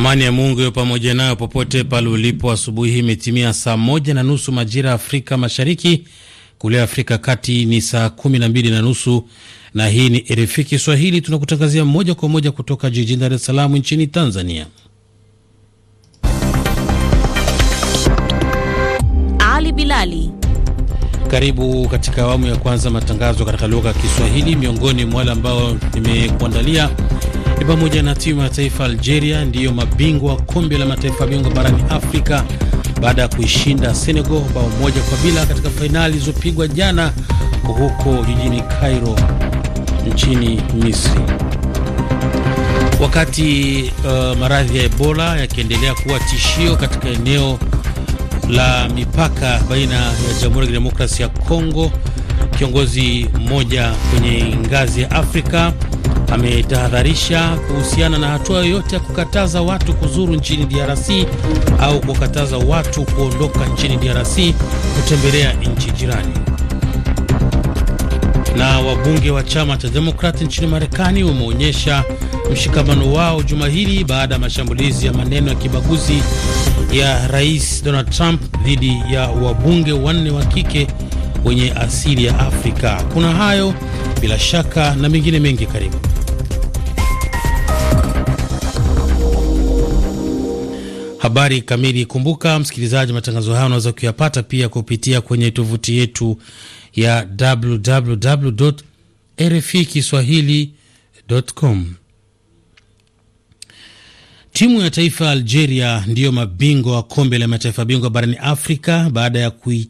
Amani ya Mungu yo pamoja nayo popote pale ulipo. Asubuhi imetimia saa moja na nusu majira ya Afrika Mashariki, kule Afrika Kati ni saa kumi na mbili na nusu na hii ni RFI Kiswahili, tunakutangazia moja kwa moja kutoka jijini Dar es Salaam nchini Tanzania. Ali Bilali, karibu katika awamu ya kwanza matangazo katika lugha ya Kiswahili. Miongoni mwa wale ambao nimekuandalia ni pamoja na timu ya taifa Algeria ndiyo mabingwa kombe la mataifa bingwa barani Afrika baada ya kuishinda Senegal bao moja kwa bila katika fainali zilizopigwa jana huko jijini Cairo nchini Misri. Wakati uh, maradhi ya Ebola yakiendelea kuwa tishio katika eneo la mipaka baina ya Jamhuri ya Kidemokrasia ya Kongo Kiongozi mmoja kwenye ngazi ya Afrika ametahadharisha kuhusiana na hatua yoyote ya kukataza watu kuzuru nchini DRC au kukataza watu kuondoka nchini DRC kutembelea nchi jirani. Na wabunge wa chama cha Demokrat nchini Marekani wameonyesha mshikamano wao juma hili baada ya mashambulizi ya maneno ya kibaguzi ya Rais Donald Trump dhidi ya wabunge wanne wa kike wenye asili ya Afrika. Kuna hayo bila shaka na mengine mengi, karibu Habari kamili. Kumbuka msikilizaji, matangazo haya unaweza kuyapata pia kupitia kwenye tovuti yetu ya www RFI Kiswahili.com. Timu ya taifa ya Algeria ndiyo mabingwa wa kombe la mataifa bingwa barani Afrika baada ya kui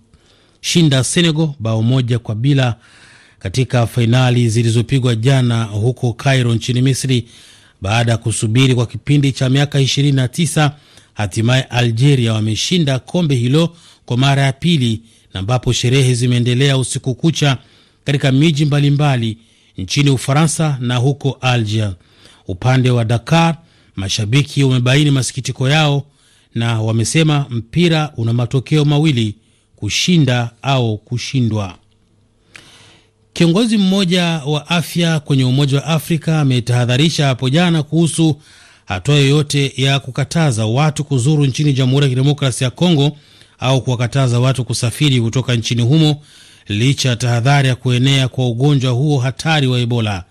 kushinda Senegal bao moja kwa bila katika fainali zilizopigwa jana huko Cairo nchini Misri. Baada ya kusubiri kwa kipindi cha miaka 29 hatimaye Algeria wameshinda kombe hilo kwa mara ya pili, na ambapo sherehe zimeendelea usiku kucha katika miji mbalimbali nchini Ufaransa na huko Alger. Upande wa Dakar, mashabiki wamebaini masikitiko yao na wamesema mpira una matokeo mawili kushinda au kushindwa. Kiongozi mmoja wa afya kwenye Umoja wa Afrika ametahadharisha hapo jana kuhusu hatua yoyote ya kukataza watu kuzuru nchini Jamhuri ya Kidemokrasia ya Kongo au kuwakataza watu kusafiri kutoka nchini humo licha ya tahadhari ya kuenea kwa ugonjwa huo hatari wa Ebola.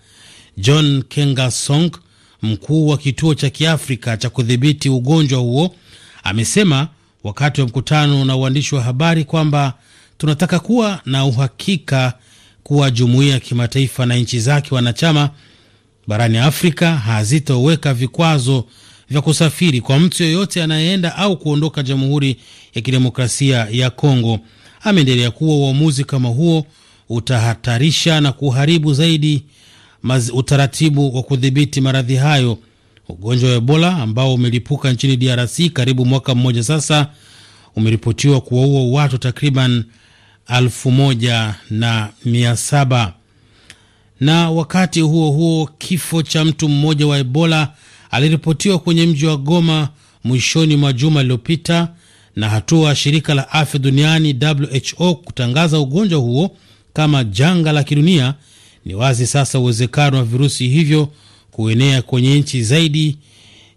John Kengasong, mkuu wa kituo cha kiafrika cha kudhibiti ugonjwa huo, amesema wakati wa mkutano na uandishi wa habari kwamba tunataka kuwa na uhakika kuwa jumuiya ya kimataifa na nchi zake wanachama barani Afrika hazitoweka vikwazo vya kusafiri kwa mtu yoyote anayeenda au kuondoka Jamhuri ya Kidemokrasia ya Kongo. Ameendelea kuwa uamuzi kama huo utahatarisha na kuharibu zaidi utaratibu wa kudhibiti maradhi hayo Ugonjwa wa Ebola ambao umelipuka nchini DRC karibu mwaka mmoja sasa umeripotiwa kuwaua watu takriban elfu moja na mia saba. Na wakati huo huo, kifo cha mtu mmoja wa Ebola aliripotiwa kwenye mji wa Goma mwishoni mwa juma lililopita, na hatua shirika la afya duniani WHO kutangaza ugonjwa huo kama janga la kidunia, ni wazi sasa uwezekano wa virusi hivyo kuenea kwenye nchi zaidi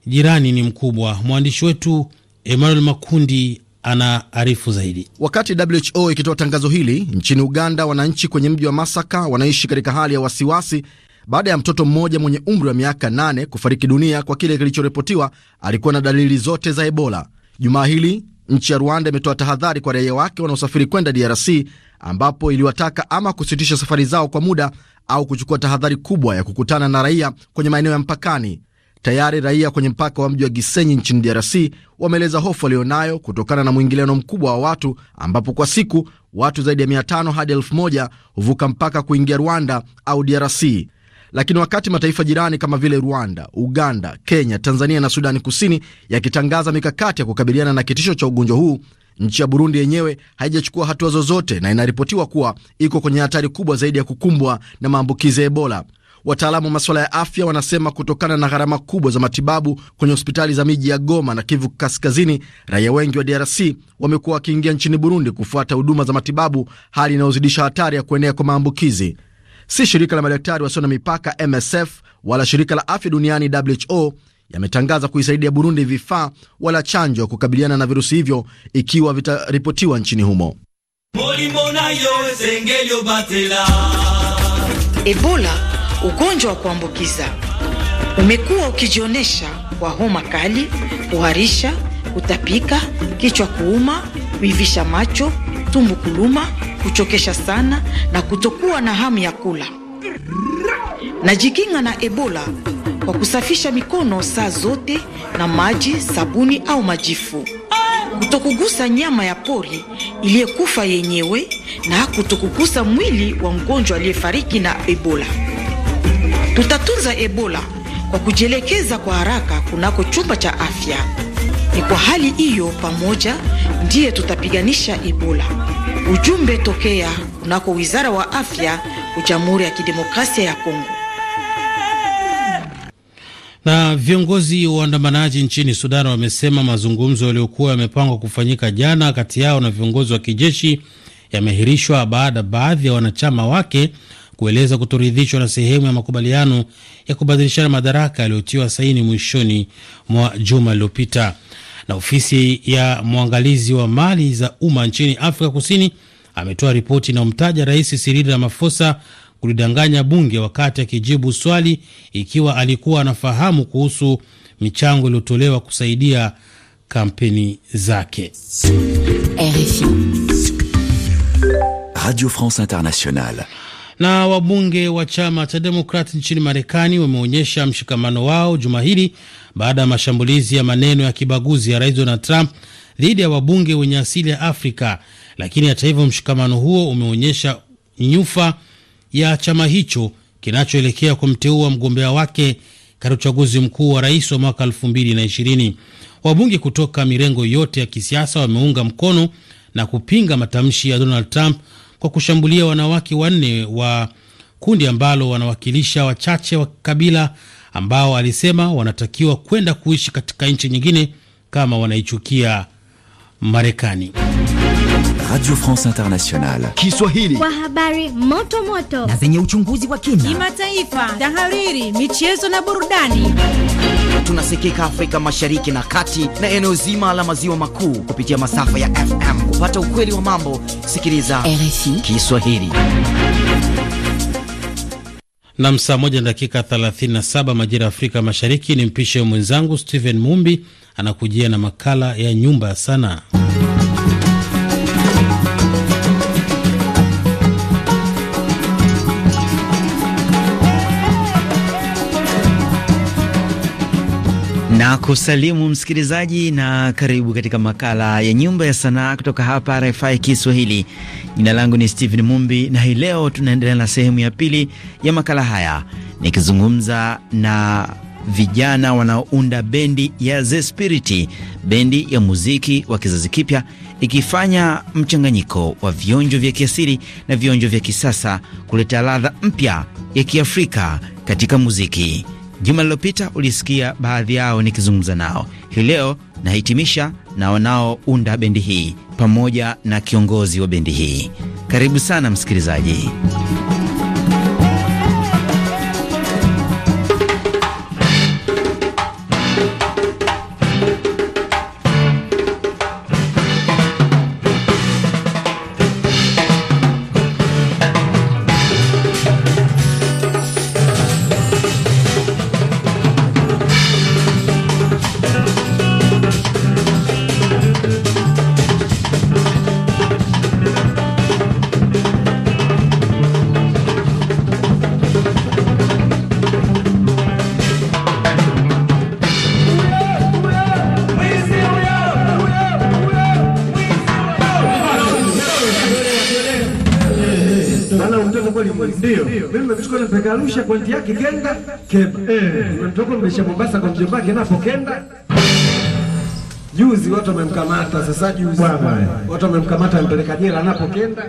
jirani ni mkubwa. Mwandishi wetu Emmanuel Makundi anaarifu zaidi. Wakati WHO ikitoa tangazo hili nchini Uganda, wananchi kwenye mji wa Masaka wanaishi katika hali ya wasiwasi baada ya mtoto mmoja mwenye umri wa miaka nane kufariki dunia kwa kile kilichoripotiwa alikuwa na dalili zote za Ebola. Jumaa hili Nchi ya Rwanda imetoa tahadhari kwa raia wake wanaosafiri kwenda DRC ambapo iliwataka ama kusitisha safari zao kwa muda au kuchukua tahadhari kubwa ya kukutana na raia kwenye maeneo ya mpakani. Tayari raia kwenye mpaka wa mji wa Gisenyi nchini DRC wameeleza hofu walionayo kutokana na mwingiliano mkubwa wa watu, ambapo kwa siku watu zaidi ya 500 hadi 1000 huvuka mpaka kuingia Rwanda au DRC. Lakini wakati mataifa jirani kama vile Rwanda, Uganda, Kenya, Tanzania na Sudani Kusini yakitangaza mikakati ya kukabiliana na kitisho cha ugonjwa huu, nchi ya Burundi yenyewe haijachukua hatua zozote na inaripotiwa kuwa iko kwenye hatari kubwa zaidi ya kukumbwa na maambukizi ya Ebola. Wataalamu wa masuala ya afya wanasema kutokana na gharama kubwa za matibabu kwenye hospitali za miji ya Goma na Kivu Kaskazini, raia wengi wa DRC wamekuwa wakiingia nchini Burundi kufuata huduma za matibabu, hali inayozidisha hatari ya kuenea kwa maambukizi. Si shirika la madaktari wasio na mipaka MSF wala shirika la afya duniani WHO yametangaza kuisaidia Burundi vifaa wala chanjo kukabiliana na virusi hivyo ikiwa vitaripotiwa nchini humo. Ebola, ugonjwa wa kuambukiza umekuwa ukijionyesha kwa homa kali, kuharisha, kutapika, kichwa kuuma, kuivisha macho tumbo kuluma, kuchokesha sana na kutokuwa na hamu ya kula. Najikinga na Ebola kwa kusafisha mikono saa zote na maji, sabuni au majifu, kutokugusa nyama ya pori iliyekufa yenyewe na kutokugusa mwili wa mgonjwa aliyefariki na Ebola. Tutatunza Ebola kwa kujielekeza kwa haraka kunako chumba cha afya. Ni kwa hali hiyo pamoja ndiye tutapiganisha Ebola. Ujumbe tokea kunako Wizara wa Afya Jamhuri ya Kidemokrasia ya Kongo. Na viongozi waandamanaji nchini Sudan wamesema mazungumzo yaliyokuwa yamepangwa kufanyika jana kati yao na viongozi wa kijeshi yameahirishwa baada baadhi ya wanachama wake kueleza kutoridhishwa na sehemu ya makubaliano ya kubadilishana madaraka yaliyotiwa saini mwishoni mwa juma lililopita na ofisi ya mwangalizi wa mali za umma nchini Afrika Kusini ametoa ripoti inayomtaja Rais Cyril Ramaphosa kulidanganya bunge wakati akijibu swali ikiwa alikuwa anafahamu kuhusu michango iliyotolewa kusaidia kampeni zake. RFI Radio France Internationale. Na wabunge wa chama cha Demokrat nchini Marekani wameonyesha mshikamano wao juma hili baada ya mashambulizi ya maneno ya kibaguzi ya rais Donald Trump dhidi ya wabunge wenye asili ya Afrika. Lakini hata hivyo, mshikamano huo umeonyesha nyufa ya chama hicho kinachoelekea kumteua mgombea wake katika uchaguzi mkuu wa rais wa mwaka 2020. Wabunge kutoka mirengo yote ya kisiasa wameunga mkono na kupinga matamshi ya Donald Trump kwa kushambulia wanawake wanne wa kundi ambalo wanawakilisha wachache wa kabila ambao alisema wanatakiwa kwenda kuishi katika nchi nyingine kama wanaichukia Marekani. Radio France Internationale Kiswahili kwa habari moto moto na zenye uchunguzi wa kina, kimataifa, tahariri, michezo na burudani. Tunasikika Afrika Mashariki na Kati na eneo zima la maziwa makuu kupitia masafa ya FM. Kupata ukweli wa mambo, sikiliza RFI Kiswahili. Nam, saa moja na dakika 37 majira ya Afrika Mashariki. Ni mpishe mwenzangu stehen Mumbi anakujia na makala ya Nyumba ya Sanaa. nakusalimu kusalimu msikilizaji na karibu katika makala ya nyumba ya sanaa kutoka hapa RFI Kiswahili. Jina langu ni Stephen Mumbi na hii leo tunaendelea na sehemu ya pili ya makala haya nikizungumza na vijana wanaounda bendi ya The Spiriti, bendi ya muziki wa kizazi kipya ikifanya mchanganyiko wa vionjo vya kiasili na vionjo vya kisasa kuleta ladha mpya ya Kiafrika katika muziki. Juma lililopita ulisikia baadhi yao nikizungumza nao. Hii leo nahitimisha na wanaounda bendi hii pamoja na kiongozi wa bendi hii. Karibu sana msikilizaji. ndio mimi nimechukua na peka Arusha kwanti yake kenda keba eh, nimetoka nimesha Mombasa kwa mjomba wake napo kenda juzi, watu wamemkamata sasa. Juzi watu wamemkamata, ampeleka jela napo kenda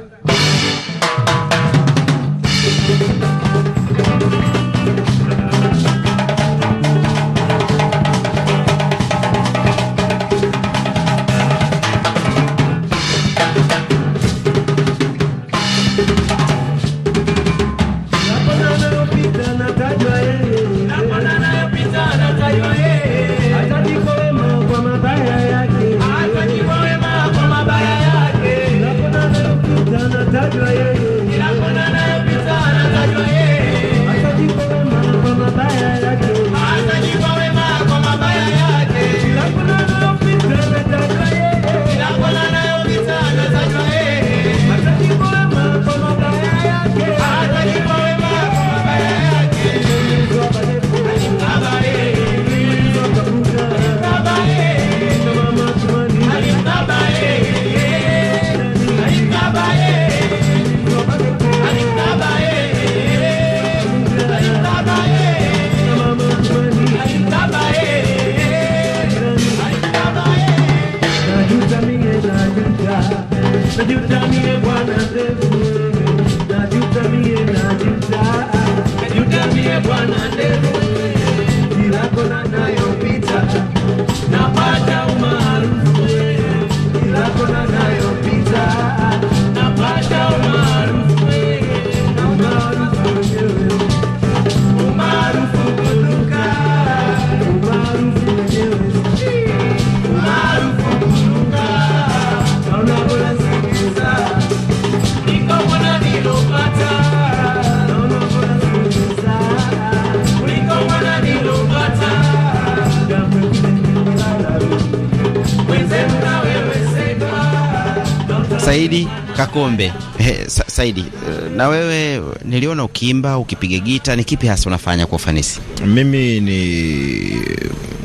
kombe. He, eh, sa Saidi, eh, na wewe niliona ukiimba ukipiga gita, ni kipi hasa unafanya kwa ufanisi? Mimi ni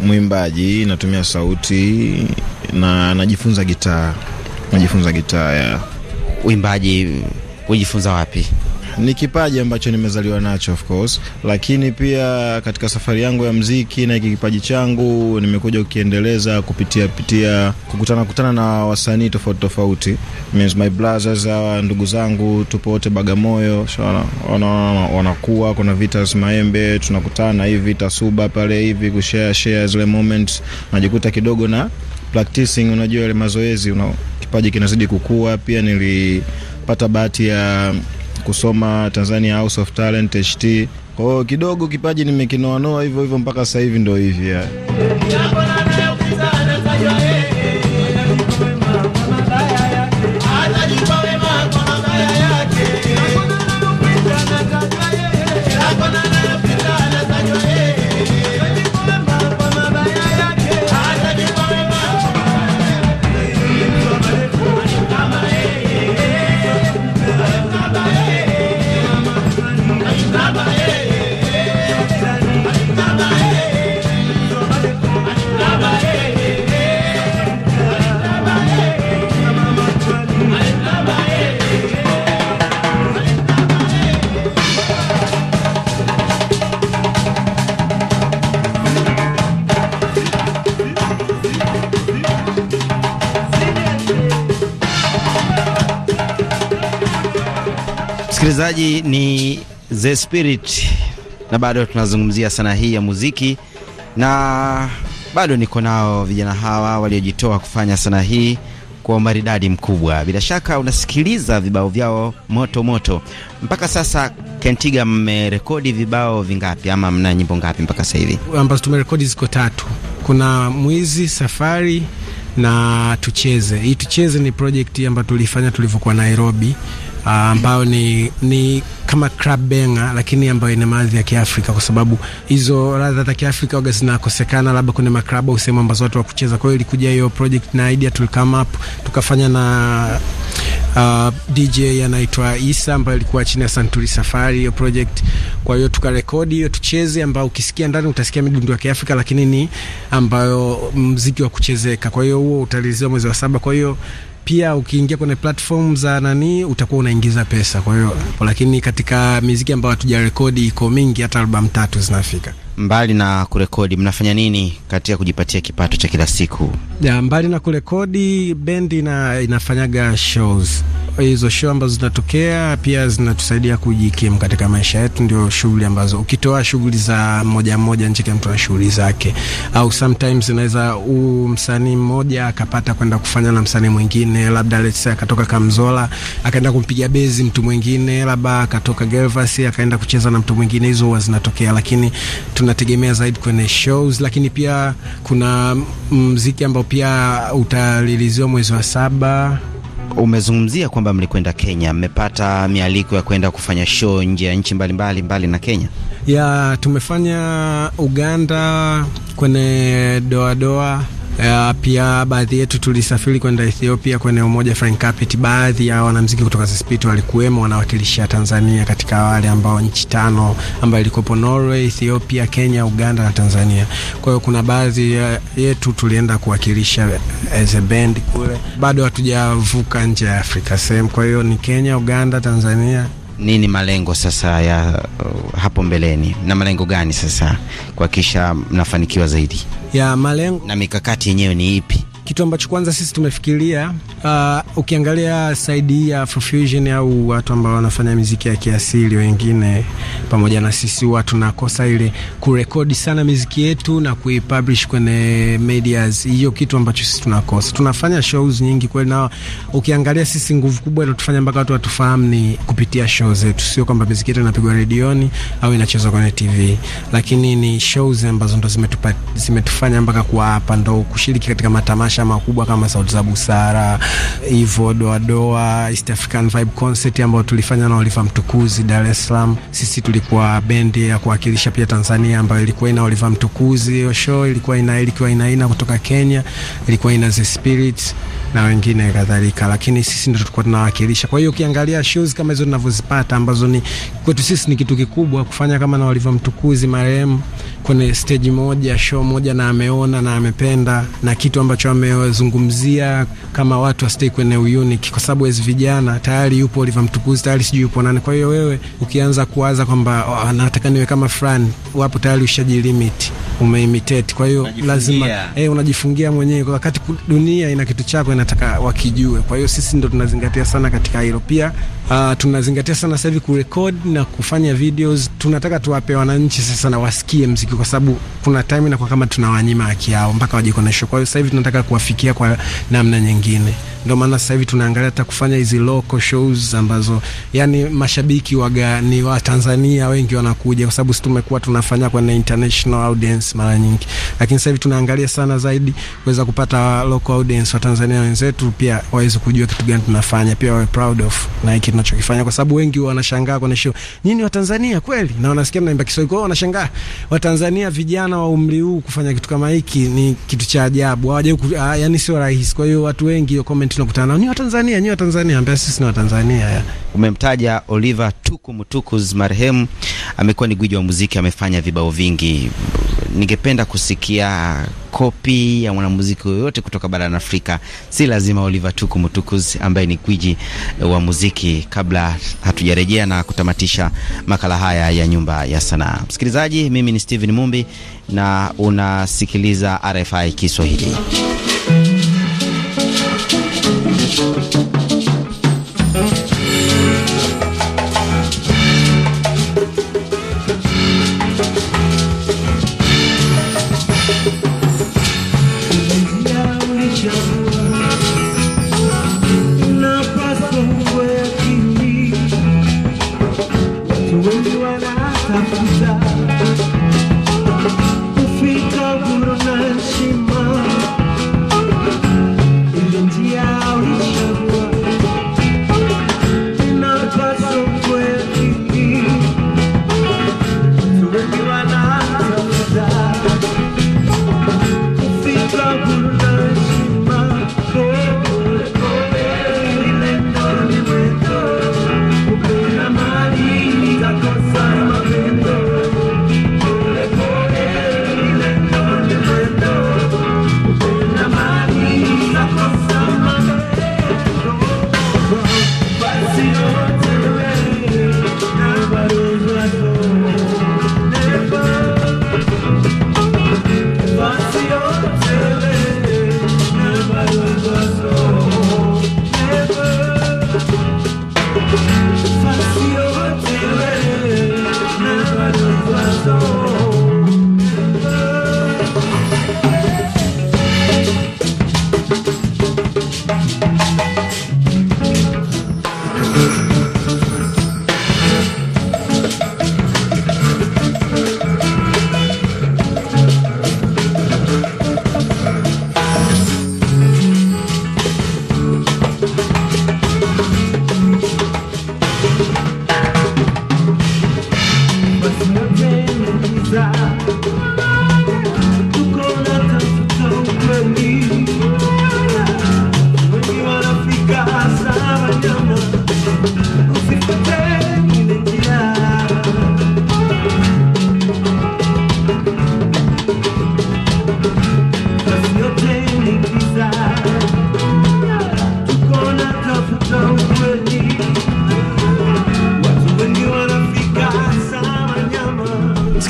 mwimbaji, natumia sauti na najifunza gitaa, najifunza gitaa ya uimbaji. Kujifunza wapi? ni kipaji ambacho nimezaliwa nacho of course, lakini pia katika safari yangu ya mziki na hiki kipaji changu nimekuja kukiendeleza kupitia pitia kukutana kutana na wasanii tofauti tofauti, means my brothers, hawa ndugu zangu, tupo wote Bagamoyo, wanakuwa kuna Vitas Maembe, tunakutana hivi Tasuba pale hivi kushare share zile moments, najikuta kidogo na practicing, unajua ile mazoezi una, kipaji kinazidi kukua. Pia nilipata bahati ya kusoma Tanzania House of Talent HT. Kwa hiyo kidogo kipaji nimekinoanoa hivyo hivyo mpaka sasa hivi ndio hivi Yeah. Msikilizaji ni The Spirit na bado tunazungumzia sanaa hii ya muziki, na bado niko nao vijana hawa waliojitoa kufanya sanaa hii kwa umaridadi mkubwa. Bila shaka unasikiliza vibao vyao moto moto. Mpaka sasa Kentiga, mmerekodi vibao vingapi ama mna nyimbo ngapi mpaka sasa hivi? Ambazo tumerekodi ziko tatu, kuna Mwizi, Safari na Tucheze. Hii Tucheze ni project ambayo tulifanya tulivyokuwa Nairobi Ah, ambayo ni, ni kama crab benga lakini ambayo ina maadhi ya Kiafrika kwa sababu hizo ladha za Kiafrika waga zinakosekana labda kwenye maclub au sehemu ambazo watu wakucheza. Kwa hiyo ilikuja hiyo project na idea tul come up tukafanya na Uh, ah, DJ anaitwa Isa ambaye alikuwa chini ya Santuri Safari hiyo project. Kwa hiyo tukarekodi hiyo tucheze, ambayo ukisikia ndani utasikia midundo ya Kiafrika, lakini ni ambayo mziki wa kuchezeka. Kwa hiyo huo utalizia mwezi wa saba. Kwa hiyo pia ukiingia kwenye platform za nani utakuwa unaingiza pesa. Kwa hiyo, lakini katika miziki ambayo hatujarekodi iko mingi, hata albamu tatu zinafika mbali na kurekodi, mnafanya nini katika kujipatia kipato cha kila siku? Ya, mbali na kurekodi, bendi ina, inafanyaga shows hizo show ambazo zinatokea pia zinatusaidia kujikimu katika maisha yetu. Ndio shughuli ambazo ukitoa shughuli za moja moja, nje, kila mtu ana shughuli zake, au sometimes inaweza u msanii mmoja akapata kwenda kufanya na msanii mwingine, labda let's say akatoka Kamzola akaenda kumpiga bezi mtu mwingine, labda akatoka Gelvas akaenda kucheza na mtu mwingine. Hizo huwa zinatokea, lakini tuna tunategemea zaidi kwenye shows, lakini pia kuna mziki ambao pia utaliliziwa mwezi wa saba. Umezungumzia kwamba mlikwenda Kenya, mmepata mialiko ya kwenda kufanya show nje ya nchi mbalimbali mbali na Kenya? Ya, tumefanya Uganda kwenye doadoa Uh, pia baadhi yetu tulisafiri kwenda Ethiopia kwa eneo moja Frank Capit. Baadhi ya wanamuziki kutoka Zespito walikuwemo wanawakilisha Tanzania katika wale ambao nchi tano ambayo ilikopo Norway, Ethiopia, Kenya, Uganda na Tanzania. Kwa hiyo kuna baadhi yetu tulienda kuwakilisha eh, as a band kule. Bado hatujavuka nje ya Afrika sehemu. Kwa hiyo ni Kenya, Uganda, Tanzania nini malengo sasa ya uh, hapo mbeleni na malengo gani sasa kuhakikisha mnafanikiwa zaidi ya malengo na mikakati yenyewe ni ipi? kitu ambacho kwanza sisi tumefikiria uh, ukiangalia saidi ya Fusion au watu ambao wanafanya miziki ya kiasili wengine pamoja na sisi huwa tunakosa ile kurekodi sana miziki yetu na kuipublish kwenye medias. Hiyo kitu ambacho sisi tunakosa. Tunafanya shows nyingi kweli, na ukiangalia sisi nguvu kubwa inatufanya mpaka watu watufahamu ni kupitia shows zetu, sio kwamba miziki yetu inapigwa redioni au inachezwa kwenye TV, lakini ni shows ambazo ndo zimetufanya mpaka kuwa hapa, ndo kushiriki katika matamasha matamasha makubwa kama Sauti za Busara, hivyo doadoa, East African Vibe Concert ambayo tulifanya na Oliver Mtukuzi Dar es Salaam. Sisi tulikuwa bendi ya kuwakilisha pia Tanzania ambayo ilikuwa ina Oliver Mtukuzi, hiyo show ilikuwa ina ilikuwa ina ina kutoka Kenya, ilikuwa ina The Spirit na wengine kadhalika, lakini sisi ndio tulikuwa tunawakilisha. Kwa hiyo ukiangalia shows kama hizo tunavyozipata ambazo ni kwetu sisi ni kitu kikubwa kufanya kama na Oliver Mtukuzi marehemu kwenye stage moja, show moja, na ameona na amependa na kitu ambacho amezungumzia, kama watu wastay kwenye unique, kwa sababu as vijana tayari yupo Oliver Mtukudzi, tayari sijui yupo nani. Kwa hiyo wewe ukianza kuwaza kwamba oh, nataka niwe kama fran, wapo tayari ushaji limit umeimitate. Kwa hiyo lazima eh, unajifungia mwenyewe, kwa wakati dunia ina kitu chako inataka wakijue. Kwa hiyo sisi ndo tunazingatia sana katika hilo pia. Uh, tunazingatia sana sasa hivi kurekodi na kufanya videos, tunataka tuwape wananchi sasa na wasikie mziki muziki, kwa sababu kuna time inakuwa kama tunawanyima haki yao mpaka wajikoneshe. Kwa hiyo sasa hivi tunataka kuwafikia kwa namna nyingine. Ndio maana sasa hivi tunaangalia hata kufanya hizi local shows ambazo yani mashabiki waga ni wa Tanzania wengi wanakuja, kwa sababu tumekuwa tunafanya kwa na international audience mara nyingi, lakini sasa hivi tunaangalia sana zaidi kuweza kupata local audience wa Tanzania wenzetu, pia waweze kujua kitu gani tunafanya, pia wawe proud of na hiki tunachokifanya, kwa sababu wengi wanashangaa kwenye show, nini wa Tanzania kweli? Na wanasikia naimba Kiswahili, kwa hiyo wanashangaa wa Tanzania vijana wa umri huu kufanya kitu kama hiki, ni kitu cha ajabu, hawajui ah, yani, sio rahisi. Kwa hiyo watu wengi comment event tunakutana nao ni Watanzania, ni Watanzania, ambaye sisi ni Watanzania. Umemtaja Oliver Tuku Mtukuz, marehemu amekuwa ni gwiji wa muziki, amefanya vibao vingi. Ningependa kusikia kopi ya mwanamuziki yoyote kutoka barani Afrika, si lazima Oliver Tuku Mtukuz ambaye ni gwiji wa muziki, kabla hatujarejea na kutamatisha makala haya ya Nyumba ya Sanaa. Msikilizaji, mimi ni Steven Mumbi na unasikiliza RFI Kiswahili.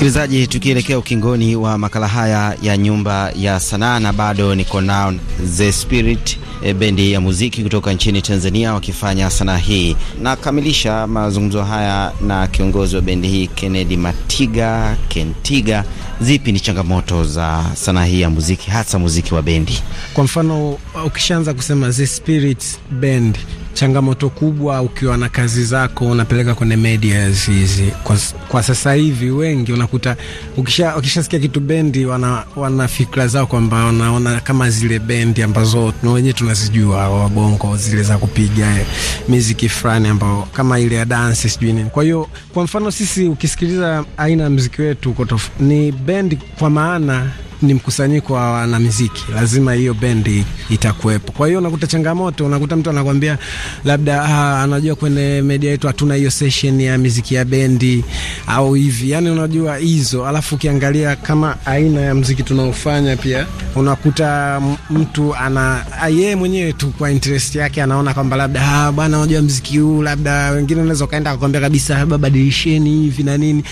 Msikilizaji, tukielekea ukingoni wa makala haya ya nyumba ya sanaa, na bado niko nao The Spirit, e, bendi ya muziki kutoka nchini Tanzania wakifanya sanaa hii. Nakamilisha mazungumzo haya na kiongozi wa bendi hii Kennedy Matiga Kentiga. Zipi ni changamoto za sanaa hii ya muziki, hasa muziki wa bendi? Kwa mfano uh, ukishaanza kusema The Spirit Band changamoto kubwa ukiwa na kazi zako unapeleka kwenye media hizi kwa, kwa sasa hivi wengi unakuta ukisha ukishasikia kitu bendi wana, wana fikra zao kwamba wanaona kama zile bendi ambazo wenyewe tunazijua wabongo zile za kupiga eh, miziki fulani ambao kama ile ya dance sijui nini. Kwa hiyo kwa mfano sisi ukisikiliza aina ya mziki wetu ni bendi kwa maana ni mkusanyiko wa wanamuziki, lazima hiyo bendi itakuwepo. Kwa hiyo unakuta changamoto, unakuta mtu anakwambia labda ah, anajua kwenye media yetu hatuna hiyo session ya muziki ya bendi au hivi, yani unajua hizo. Alafu ukiangalia kama aina ya muziki tunaofanya pia unakuta mtu ana yeye mwenyewe tu kwa interest yake anaona kwamba labda ah, bwana, unajua muziki huu labda wengine unaweza kaenda akakwambia kabisa, baba badilisheni hivi na nini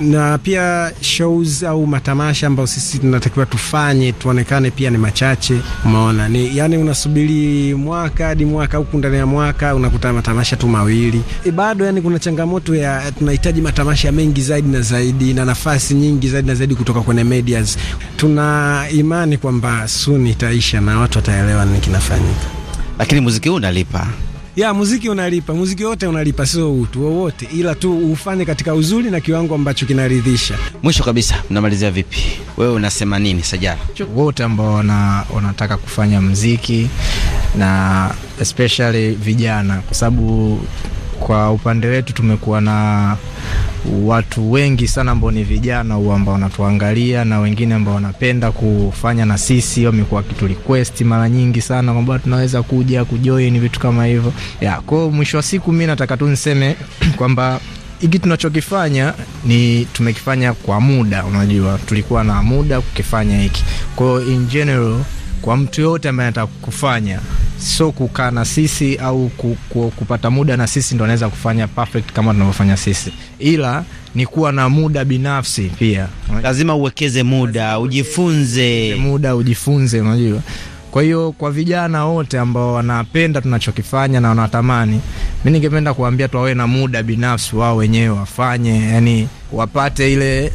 na pia shows au matamasha ambayo sisi tunatakiwa tufanye tuonekane pia ni machache. Umeona ni yani, unasubiri mwaka hadi mwaka huku ndani ya mwaka unakuta matamasha tu mawili e, bado yani kuna changamoto ya tunahitaji matamasha mengi zaidi na zaidi na nafasi nyingi zaidi na zaidi kutoka kwenye medias. Tuna imani kwamba soon itaisha na watu wataelewa nini kinafanyika, lakini muziki huu unalipa ya muziki unalipa, muziki wote unalipa, sio utu wowote, ila tu ufanye katika uzuri na kiwango ambacho kinaridhisha. Mwisho kabisa, mnamalizia vipi? Wewe unasema nini Sajara? Wote ambao wanataka kufanya muziki na especially vijana, kwa sababu kwa upande wetu tumekuwa na watu wengi sana ambao ni vijana huu ambao wanatuangalia na wengine ambao wanapenda kufanya na sisi, wamekuwa kitu request mara nyingi sana kwamba tunaweza kuja kujoin vitu kama hivyo ya kwao. Mwisho wa siku, mi nataka tu niseme kwamba hiki tunachokifanya ni tumekifanya kwa muda, unajua tulikuwa na muda kukifanya hiki. Kwa hiyo in general, kwa mtu yoyote ambaye anataka kufanya sio kukaa na sisi au kupata muda na sisi ndo anaweza kufanya perfect kama tunavyofanya sisi, ila ni kuwa na muda binafsi pia. Lazima uwekeze muda, ujifunze muda, ujifunze, unajua. Kwa hiyo kwa vijana wote ambao wanapenda tunachokifanya na wanatamani, mi ningependa kuambia tu wawe na muda binafsi wao wenyewe wafanye, yani wapate ile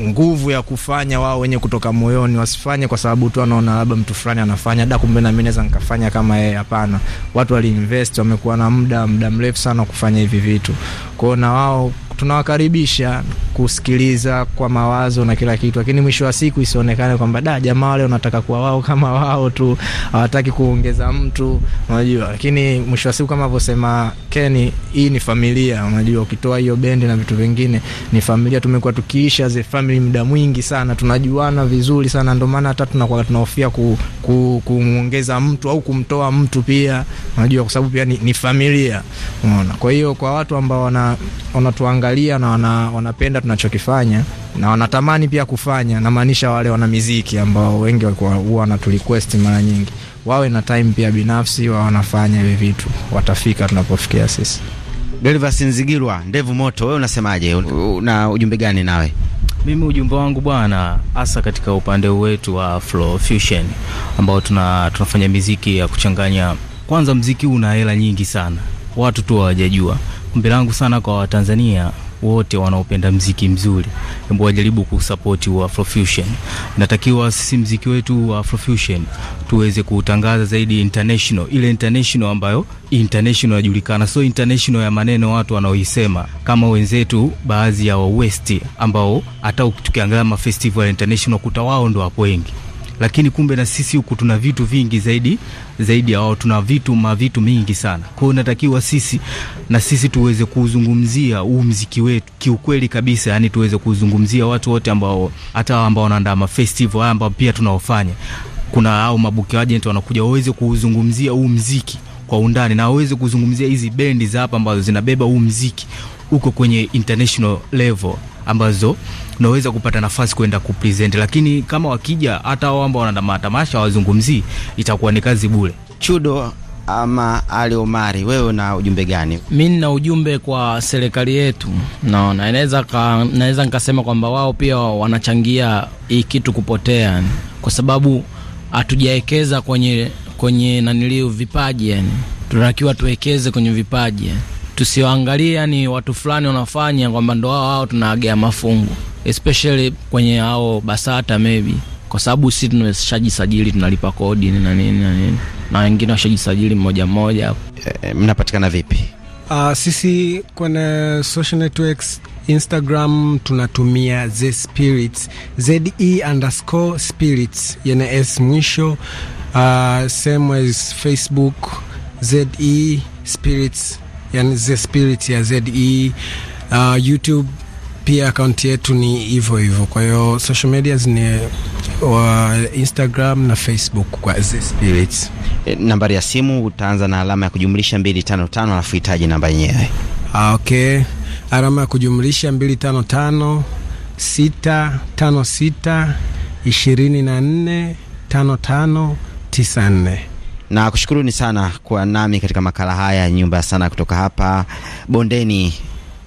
nguvu ya kufanya wao wenye kutoka moyoni, wasifanye kwa sababu tu anaona labda mtu fulani anafanya da, kumbe na mimi naweza nikafanya kama yeye. Hapana, watu waliinvest, wamekuwa na muda muda mrefu sana kufanya hivi vitu kwao, na wao tunawakaribisha kusikiliza kwa mawazo na kila kitu, lakini mwisho wa siku isionekane kwamba da jamaa wale wanataka kuwa wao kama wao tu, hawataki kuongeza mtu, unajua. Lakini mwisho wa siku kama alivyosema Keni, hii ni familia, unajua, ukitoa hiyo bendi na vitu vingine, ni familia. Tumekuwa tukiisha ze family muda mwingi sana, tunajuana vizuri sana, ndio maana hata tunakuwa tunahofia ku, ku, kumwongeza mtu au kumtoa mtu pia, unajua, kwa sababu pia ni, ni familia, unaona. Kwa hiyo kwa watu ambao wana wanatuanga wanatuangalia na wana, wanapenda tunachokifanya na wanatamani pia kufanya, namaanisha wale wana miziki ambao wengi walikuwa huwa wanaturequest mara nyingi, wawe na time pia binafsi, wa wanafanya hivi vitu, watafika tunapofikia sisi. Deliver Sinzigirwa, ndevu moto, wewe unasemaje? Una ujumbe gani nawe? Mimi ujumbe wangu bwana, hasa katika upande wetu wa Flow Fusion ambao tuna, tunafanya miziki ya kuchanganya. Kwanza mziki huu una hela nyingi sana, watu tu hawajajua ombi langu sana kwa Watanzania wote wanaopenda mziki mzuri, hebu wajaribu kusapoti wa Afrofusion. Natakiwa sisi mziki wetu wa Afrofusion tuweze kuutangaza zaidi international, ile international ambayo international inajulikana, so international ya maneno watu wanaoisema, kama wenzetu baadhi ya wa West ambao hata tukiangalia ma festival international kuta wao ndo wapo wengi lakini kumbe na sisi huku tuna vitu vingi zaidi zaidi ya wao, tuna vitu mavitu mingi sana. Kwa hiyo natakiwa sisi na sisi tuweze kuuzungumzia huu mziki wetu kiukweli kabisa, yani tuweze kuzungumzia watu wote ambao hata ambao wanaandaa mafestival haya ambao pia tunaofanya kuna au mabuki agent wanakuja waweze kuuzungumzia huu mziki kwa undani na waweze kuzungumzia hizi bendi za hapa ambazo zinabeba huu mziki huko kwenye international level ambazo tunaweza kupata nafasi kwenda kupresent, lakini kama wakija hata wao ambao wana matamasha wazungumzii, itakuwa ni kazi bure. Chudo ama Ali Omari, wewe una ujumbe gani? Mi nina ujumbe kwa serikali yetu, naona naweza naweza nikasema kwamba wao pia wanachangia hii kitu kupotea, kwa sababu hatujawekeza kwenye kwenye naniliu vipaji, yani tunatakiwa tuwekeze kwenye vipaji, tusiwaangalie yani watu fulani wanafanya kwamba ndo wao wao tunaagea mafungu especially kwenye hao Basata maybe kwa sababu sisi tumeshajisajili tunalipa kodi na nini na nini, na wengine washajisajili mmoja mmoja E, mnapatikana vipi? Uh, sisi kwenye social networks Instagram tunatumia the spirits ze underscore spirits yana s mwisho. Uh, same as Facebook ze spirits yani the spirits ya ze. Uh, ah, YouTube pia akaunti yetu ni hivyo hivyo. Kwa hiyo social media ni wa Instagram na Facebook kwa Z Spirits. E, nambari ya simu utaanza na alama ya kujumlisha 255 alafu hitaji namba yenyewe. Ah, okay. Alama ya kujumlisha 255 656 24 55 Na kushukuruni sana kwa nami katika makala haya nyumba ya sana kutoka hapa Bondeni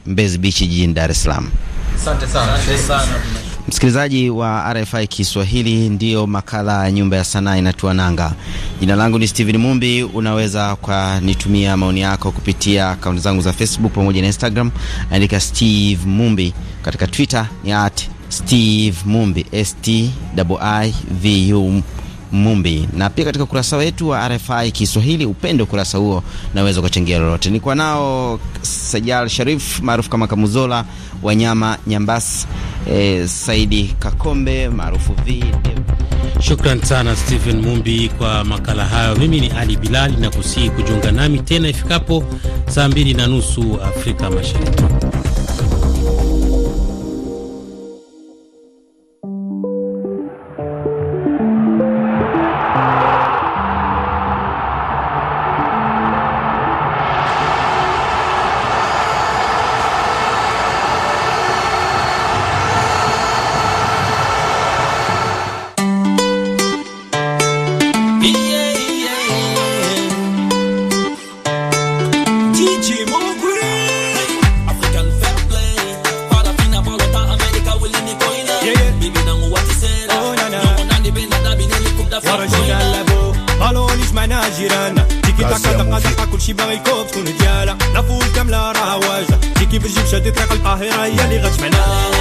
Mbezi Beach jijini Dar es Salaam. Asante sana. Asante sana. Msikilizaji wa RFI Kiswahili, ndiyo makala ya Nyumba ya Sanaa inatua nanga. Jina langu ni Steven Mumbi. Unaweza kwa nitumia maoni yako kupitia akaunti zangu za Facebook pamoja na Instagram, andika Steve Mumbi. Katika Twitter ni at Steve Mumbi, S T I V U Mumbi, na pia katika ukurasa wetu wa RFI Kiswahili upende ukurasa huo, naweza ukachangia lolote. Nilikuwa nao Sajal Sharif maarufu kama Kamuzola, Wanyama Nyambas, eh, Saidi Kakombe maarufu V. Shukran sana Stephen Mumbi kwa makala hayo. Mimi ni Ali Bilali na kusihi kujiunga nami tena ifikapo saa mbili na nusu Afrika Mashariki. te calla y amiga es